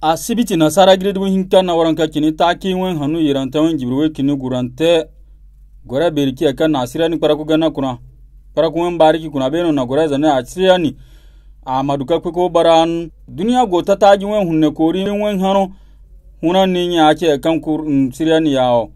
asibiti nasara giredibu hinka na waranka kini taki wen hanu yirante wen jibirwe kini gurante gora beriki aka na asirani paraku gana kuna paraku wen bariki kuna beno na gora zane asirani amaduka kweko baran duniya go tataji wen hunne kori wen hanu huna ni nya ake kan kur sirani yawo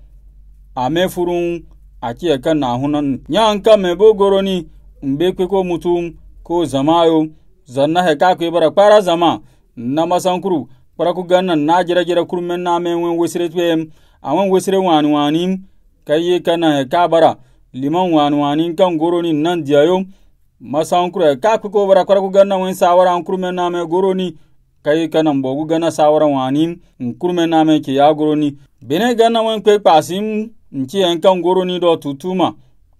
ame furun ake kan na hunan nya anka mebo goroni mbe kweko mutum ko zamayo zanna he ka ku bara kpara zama na masankuru kpara ku ganna na jira jira kurmen na men wen wesire tuem awen wesire wani wani kayi kana he ka bara liman wani wani kan goroni nan diayo masankuru he ka ku ko bara kpara ku ganna wen sawara an kurmen na men goroni kayi kana mbogu gana sawara wani kurmen na men ke ya goroni bene ganna wen kwe pasim nci en kan goroni do tutuma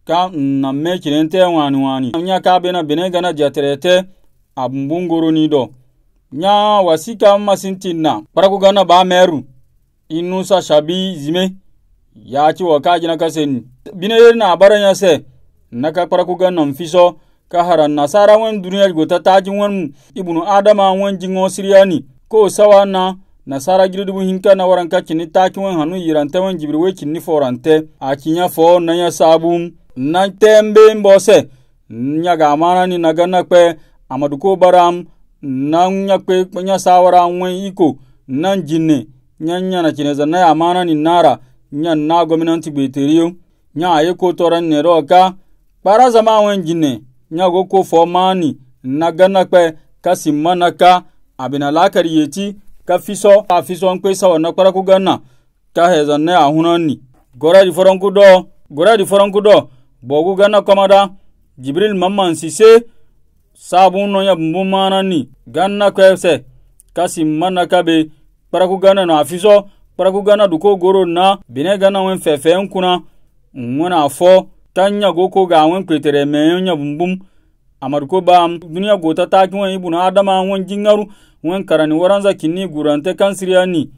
ka namme kirente wani wani nya ka bena bene gana jaterete ni do nya wasi ka masintinna gana ba meru inusa shabi zime ya ci wa kajina kasen bine na baranya se ka baraku gana mfiso ka haran nasara wan duniya ta tajin wan ibnu adama wan jingo siriani ko sawa na nasara giridubu hinka na waranka kini taki wan hanu yirante wen jibri we kinni forante a kinya fo nanya sabum na tembe mbose nyaga amara ni nagana kpe amaduko baram na nyakpe nya sawara nwe iko na njine nya nya na chineza na amara ni nara nya na gominanti beteriyo nya ayeko tora nero ka kpara zama nwe njine nya goko fomani nagana kpe kasi manaka abina lakari yeti ka fiso a fiso nkpe sawa na kpara ku ganna ka heza na ahunani gora di foronku do gora di foronku do bogu gana komada jibril mamman sise sabunno ya bumanani ganna kwese kasi mana kabe paraku gana no afiso paraku gana duko goro na bine gana wen fefe nkuna nwena afo tanya goko ga wen kwetere menya bumbum amadu ko ba duniya gota taki wen ibuna adama wen jingaru wen karani waranza kinni gurante kansiriani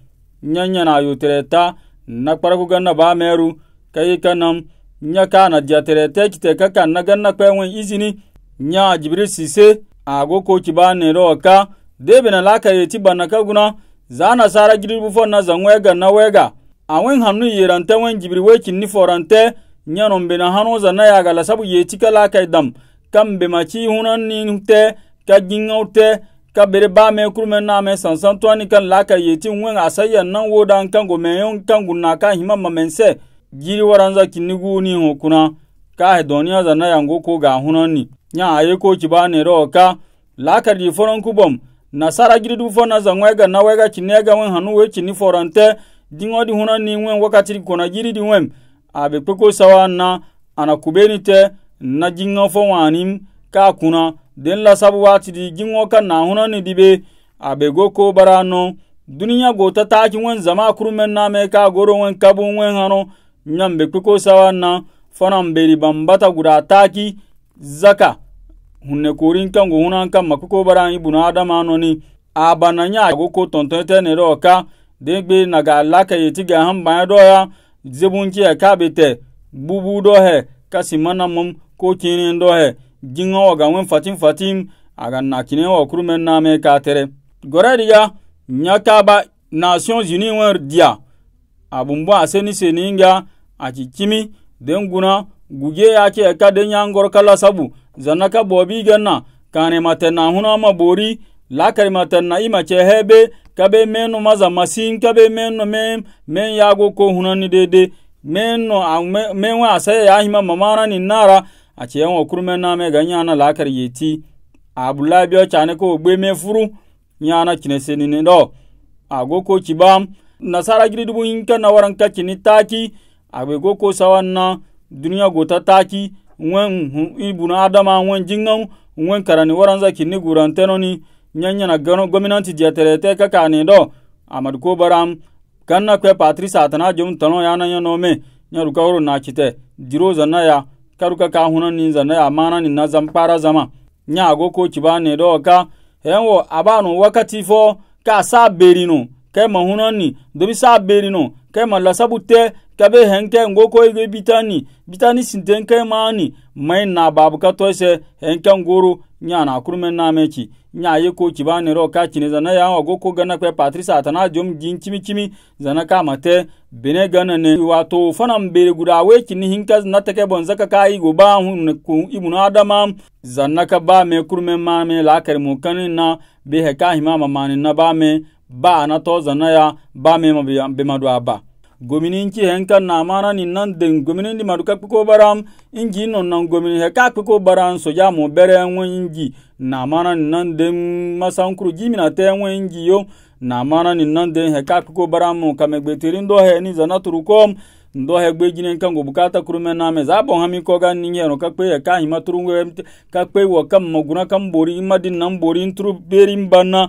nyanya na yotere ta na paraku gana ba meru kai kanam nya kana jatere tekite kaka naganna kwenwe izini nya jibiri sise ago ko kibane roka debe na laka yeti bana kaguna zana sara jibril bufo na zanwega na wega awen hanu yerante wen jibril weki ni forante nya nombe na hanu na ya gala sabu yeti kala kai dam kambe machi hunan ni te ka gingaute ka bere ba me kurume na me sansan kan laka yeti wen asayya nan wodan kango meyon kangu na ka hima mamense giri waranza kinni guni hukuna ka he doniya na yango ko ga hunanni nya aye ko ciba ne ro ka lakar di foron kubom nasara giri du fona za ngwega na wega cinega wen hanu we cinni forante dingo di hunanni wen wakati kona giri di wen abe kpeko sawa na ana kubeni te na jinŋo fo wanim ka kuna den la sabu waati di ka na hunanni dibe abe go ko barano duniya go ta taki wen zama kurumen name ka goro wen kabu wen hano nyambe kpeko sawanna fanan beri bambata guda taki zaka hunne korin kango hunan kamma kpeko baran ibunu adama noni abana nya ago ko tontonte nere oka degbe naga alaka yeti ga han banya doya zebunji ya kabete bubu dohe kasi mana mum ko kinin dohe jinga waga wen fatim fatim aga nakine wa kurumen name katere gore diga nya kaba nations unies wen dia abumbu aseni seninga aci cimi den guna guge yake ka den yangor kala sabu zanaka bobi ganna kane matenna huna ma bori lakari matenna ima ce hebe kabe menno maza masin kabe be mem men yago ko hunani dede a men wa sai ya hima mamana ni nara a ce yan okurme na me ganya na lakar yeti abula biyo chane ko gbe me furu nyana kinese ni ndo ago ko kibam nasara gidi dubu hinka na waran kaki ni taki agbe ko sawanna duniya gota ta taki wen ibuna adama wen jingan wen karani waranza kinni gurantenoni nyanyana gominanti diaterete kakani do amadu ko baram kanna kwe patrice atana jom tano yana yano me nyaru kawro na kite diro zanna ya karuka ka hunan ni zanna ya mana ni nazampara zama nya ago ko kiba do ka henwo abanu wakati fo ka sa berino ke mahuna ni dobi sa berino kaima lasabu te kabe henke ngoko ige bitani bitani sinte nke maani mai na babu ka toise henke ngoro nya na kurume na mechi nya ye ko kiba ne ro ka kine zana ya ogo ko gana kwe patrisa atana jom gin kimi chimi zana ka mate bene gana ne wato fana mbere guda we kini hinka na take bon zaka ka igo ba hun ku ibnu adama zana ka ba me kurume ma me la kar mu kanin na be he ka ma manin na ba me ba na to zanna ya ba me ma be madu aba gomini nki he nka na amara ni nan den gomini ndi madu ka kpiko baram ingi no nan gomini he ka kpiko baram so ya mu bere enwe ingi na amara ni nan den masa nkuru gimi na te enwe ingi yo na amara ni nan den he ka kpiko baram ka me gbetiri ndo he ni zana turukom ndo he gbe jine nka ngo bukata kurume na me za bon hami koga ni nge no ka kpe ka hima ka kpe wo kam moguna kam bori imadi nan bori nturu beri mbana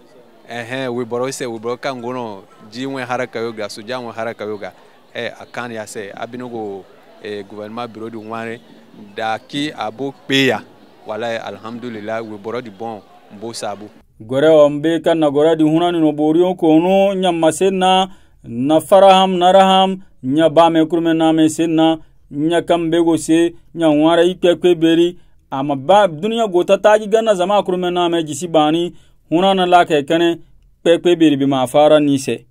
ehe wiboro se wiboro kangono ji nwe haraka yoga ga soja nwe haraka ga ɛ eh, a kan ya se abinogo e eh, gouvernement bureau du wanre da ki abo peya wala alhamdulillah wiboro di bon mbo saabu. gore on be kan na gore di hunani no boriyo ko no nyamma senna na nara naraham nya ba mɛ kurme na me senna nya kambe go se nya wara ikpe kwe beri ama ba duniya gota ta taji ganna zama kurme na me jisi bani hunana la ke kene kpekpe biribi ma fara nise